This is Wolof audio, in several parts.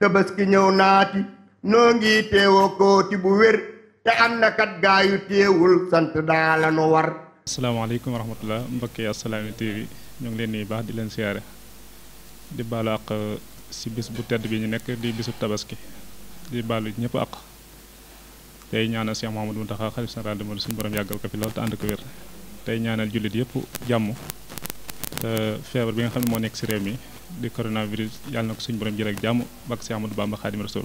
tabaski ñëw naati noo ngi teewoo kooti bu wér te am na kat gaa yu teewul sant daa la nu war. asalaamaaleykum wa rahmatulah mbokki Assalaamy TV ñu ngi leen nii baax di leen siyaare di baalu àq si bis bu tedd bi ñu nekk di bisu tabaski di baalu ñëpp àq tey ñaanal Cheikh Mouhamadou Mountakha xalifa général des mourides suñu borom yàggal ko fi lool te ànd ko wér tey ñaanal jullit yëpp jàmm. Euh, feebar bi nga xam ne moo nekk si réew mi di coronavirus yàlla na ko suñu borom jël ak jàmm bak si Amadou Bamba Xaadim Rasul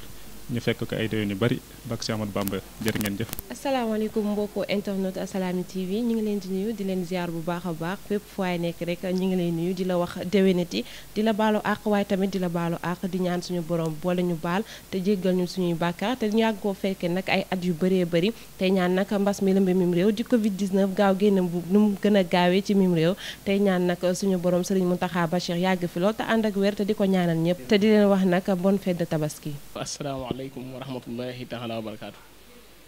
ñu fekk ko ay déwén yu bari bak si Amadou Bamba jërë ngeen jëf. asalaamaaleykum mbokku internet Assalaamy TV ñu ngi leen di nuyu di leen ziar bu baax a baax fépp fu waay nekk rek ñu ngi lay nuyu di la wax yi di la baalo àq waaye tamit di la baalo àq di ñaan suñu borom boole ñu baal te jéggal ñu suñuy bàkkaar te ñu yàgg koo fekkee nag ay at yu bëree bari tey ñaan nag mbas mi lëmbe mim réew di Covid 19 gaaw génn bu nu mu gën a gaawee ci mim réew tey ñaan nag suñu borom Serigne Mountakha Bachir yàgg fi lool te ànd ak wér di ko ñaanal ñëpp te di leen wax nag bonne de tabaski aleykum wa rahmatullahi taala wa barakaatu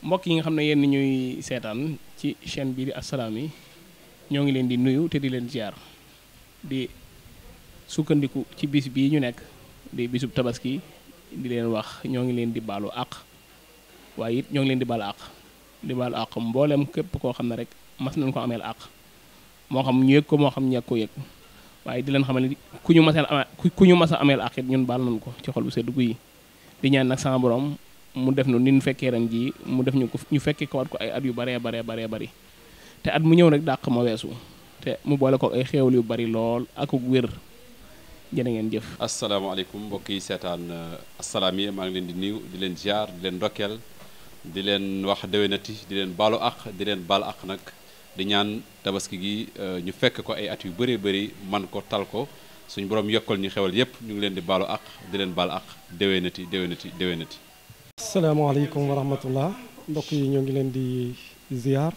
mbokk yi nga xam ne yéen ñuy seetaan ci chaîne bii di Assalaamy ñoo ngi leen di nuyu te di leen ziar di sukkandiku ci bis bii ñu nekk di bisub tabaski di leen wax ñoo ngi leen di baalu àq waaye it ñoo ngi leen di baalu àq di baalu àq mboolem képp koo xam ne rek mas nañ ko ameel àq moo xam ñu yëg ko moo xam ñàkk ko yëg waaye di leen xamal ku ñu masal ku ñu mas a ameel àq it ñun baal nañ ko ci xol bu sedd guy yi di ñaan nag sama borom mu def nu ni ñu fekkee ren jii mu def ñu ko ñu fekkee ko waat ko ay at yu baree baree baree bari te at mu ñëw rek dàq ma weesu te mu boole ko ay xéewal yu bari lool ak wér jërë ngeen jëf. asalaamaaleykum mbokk yi seetaan uh, asalaami maa ngi leen di nuyu di leen ziar di leen ndokkeel di leen wax déwénati di leen baalu àq di leen baal àq nag di ñaan tabaski gi uh, ñu fekk ko ay at yu bëree bëri man ko tal ko. suñu borom yokkool ñu xewal yépp ñu ngi leen di baalu àq di leen baal àq déwénati déwénati déwénati. asalaamaaleykum wa rahmatullah mbokk yi ñoo ngi leen di ziar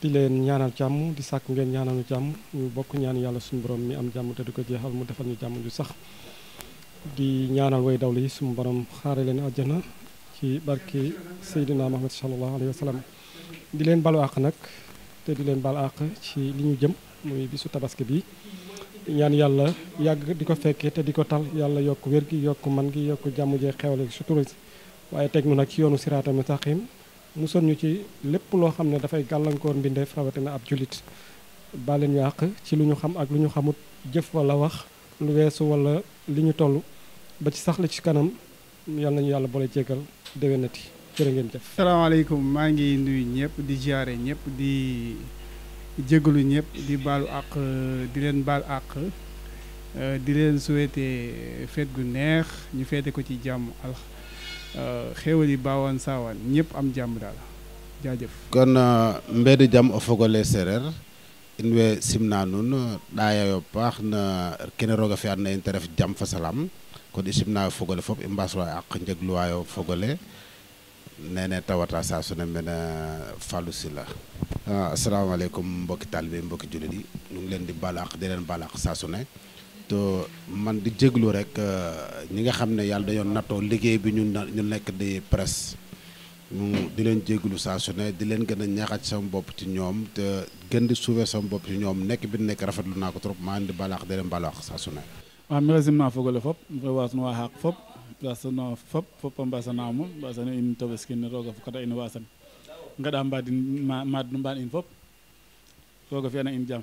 di leen ñaanal jàmm di sàkku ngeen ñaanal jàmm ñu bokk ñaan yàlla suñ borom mi am jàmm te di ko jeexal mu defal ñu jàmm ju sax di ñaanal way dawli yi suñu borom xaare leen àjjana ci barki Seydina Muhammad sallallahu alayhi wa sallam di leen balu àq nag te di leen baal àq ci li ñu jëm muy bisu tabaski bi. ñaan yàlla yàgg di ko fekkee te di ko tal yàlla yokk wér gi yokk man gi yokk jàmm jee xewle sutura si waaye teg nu nag ci yoonu siraata mustaqim musal ñu ci lépp loo xam ne dafay gàllankoor mbindeef na ab julit baaleen ñu àq ci lu ñu xam ak lu ñu xamut jëf walla wax lu weesu walla li ñu toll ba ci sax la ci kanam yal nañu yàlla boole jéggal déwénati jërë ngeen jëf. salaamaaleykum maa ngi ñëpp di ziare ñëpp di. jégalu ñëpp di baalu àq di leen baal àq euh, di leen souhaiter fête gu neex ñu feete ko ci jàmm al euh, xéewal yi baawaan saawaan ñëpp am jàmm daal jaajëf kon euh, mbeeɗo jam o fogole séréer in way simna nuun ɗayayo paax na kene roog a fi'an na in jàmm ref jam fa salam kon i simnayo fogole fop i mbaaswayo àq njegluwaayo fogole neenee tawata saa su ne mën a fàllu si la ah, asalaamaaleykum mbokki taalibe mbokki jullit yi ñu ngi leen di balaax di leen balaax saa ne te man di jéglu rek ah, ñi nga xam ne yàlla dañoo nattoo liggéey bi ñu ñu nekk di presse mu di leen jéglu saa di leen gën a ñaaxaat sama bopp ci ñoom te gën di suufee sama bopp ci ñoom nekk bi nekk rafetlu naa ko trop maa ngi di balaax di leen balaax saa su ne waaw fop mu koy waas nu waa fop mbasano fop fop a mbasanamo mbasano in tobeskin ne rooga fokata in wasan ngaɗa mbadin maad nu mbaan in fop rooga fiyana in jam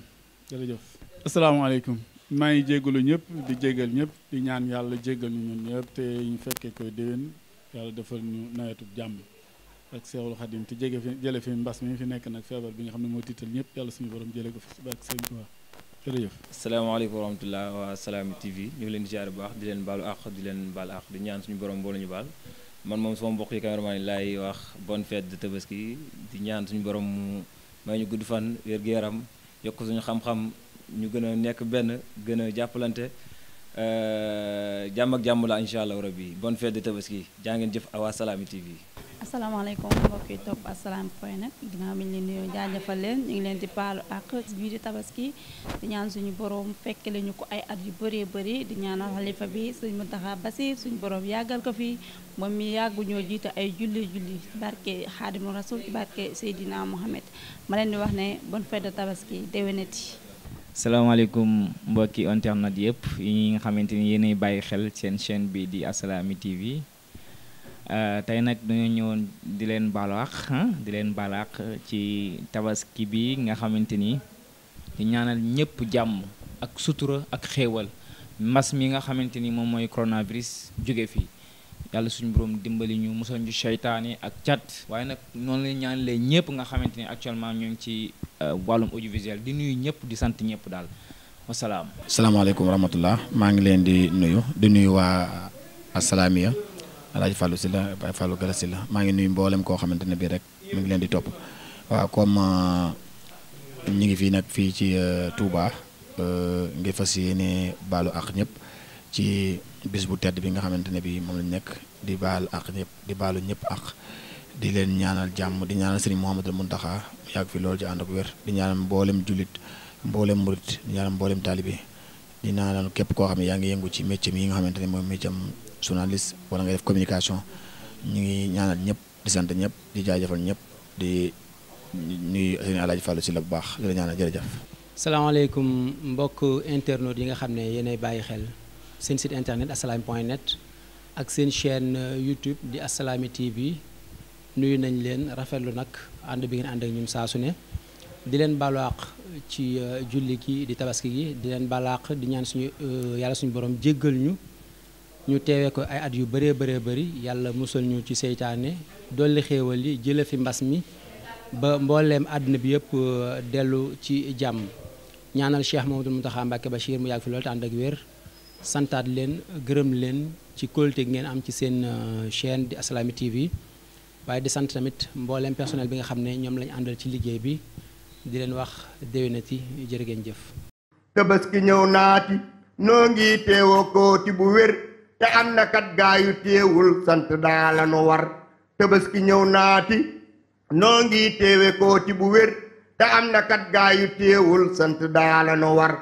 jërëjëf asalaamaaleykum maa ngi jégalu ñëpp di jégal ñëpp di ñaan yàlla jégal ñu ñun ñëpp te ñu fekkee koy déwén yàlla defal ñu nawetub jàmm ak Seexul Xadim te jege fi jële fi mbas mi fi nekk nag feebar bi nga xam ne moo tiital ñëpp yàlla suñu borom jële ko fi ak sëñ Tuubaa jërëjëf salaamaaleykum waa Salaam TV ñu ngi leen di bu baax di leen baalu àq di leen baal àq di ñaan suñu borom boole ñu baal man moom sama mbokk yi caméraman yi laay wax bon fête de tabaski di ñaan suñu borom mu may ñu gudd fan wér-gu-yaram yokk suñu xam-xam ñu gën a nekk benn gën a jàppalante jàmm ak jàmm la incha allah rabi bonne fête jaa ngeen jëf waa Salaam TV. asalaamaaleykum mbokk yi topp asalaam point net ginnaaw bi ñu leen ñu ngi leen di baalu ak bii di tabaski di ñaan suñu borom fekk lañu ko ay at yu bëree bëri di ñaanal xalifa bi suñu Muntaxa basi suñu borom yàggal ko fi moom mi yàgguñoo jiite ay julli julli barke xaadimu rasul barke Seydina Mohamed ma leen di wax ne bonne fête de tabaski déwénati. salaamaaleykum mbokki internet yëpp yi nga xamante ni yéenay bàyyi xel seen chaîne bi di Assalaamy TV. Euh, tey nag dañoo ñëwoon di leen baalu àq di leen balaax ci tabaski bi nga xamante ni di ñaanal ñëpp jàmm ak sutura ak xéewal mbas mi nga xamante ni moom mooy coronavirus jóge fii yàlla suñu borom dimbali ñu musal ñu seytaane ak cat waaye nag noonu la ñaanalee ñëpp nga xamante ni actuellement ñu ngi ci euh, wàllum audiovisuel di nuyu ñëpp di sant ñëpp daal wasalaam. salaamaaleykum wa rahmatullah maa ngi leen di nuyu di nuyu waa Assalaamiya alaaji Fallou Sylla Baye Fallou Gala maa ngi nuyu mboolem koo xamante ne bii rek mu ngi leen di topp waa comme euh, ñu ngi fii nag fii ci euh, Touba euh, ngi fas yéene baalo ak ñëpp ci bis bu tedd bi nga xamante ne bii moom lañ nekk di baal ak ñëpp di baalo ñëpp ak di leen ñaanal jàmm di ñaanal Serigne Mouhamadou Mountakha mu yàgg fi loolu ci ànd ak wér di ñaanal mboolem jullit mboolem murit di ñaanal mboolem taalibe di ñaanal képp koo xam ne yaa ngi yëngu ci métier yi nga xamante ne mooy métier journaliste wala nga def communication ñu ngi ñaanal ñëpp di sant ñëpp di jaajëfal ñëpp di nuyu seen Alaaji Fàllu si la bu baax di la ñaanal jërëjëf. salaamaaleykum mbokk internautes yi nga xam ne yéenay bàyyi xel seen site internet assalaami point net ak seen chaîne euh, YouTube di Assalaamy TV nuyu nañ leen rafetlu nag ànd bi ngeen ànd ak ñun saa su ne. di leen balaax ci euh, julli gi di tabaski gi di leen balaax di ñaan suñu euh, yàlla suñu borom jéggal ñu ñu teewee ko ay at yu bëree bëree bëri yàlla musal ñu ci seytaane dolli xéewal yi jële fi mbas mi ba mbooleem àdduna bi yëpp euh, dellu ci jàmm ñaanal Cheikh Mamadou Mountakha Mbacké Bachir mu yàgg fi loolu te ànd ak wér santaat leen gërëm leen ci kóolute gi ngeen am ci seen euh, chaîne di Assalaamy TV waaye di sant tamit mbooleem personnel bi nga xam ne ñoom lañ àndal ci liggéey bi di leen wax déwénati jërë ngeen jëf tabaski ñëw naati noo ngi teewoo kooti bu wér te am na kat gaa yu teewul sant daa la nu war ki ñëw naati noo ngi teewe kooti bu wér te am na kat gaa yu teewul sant daa la nu war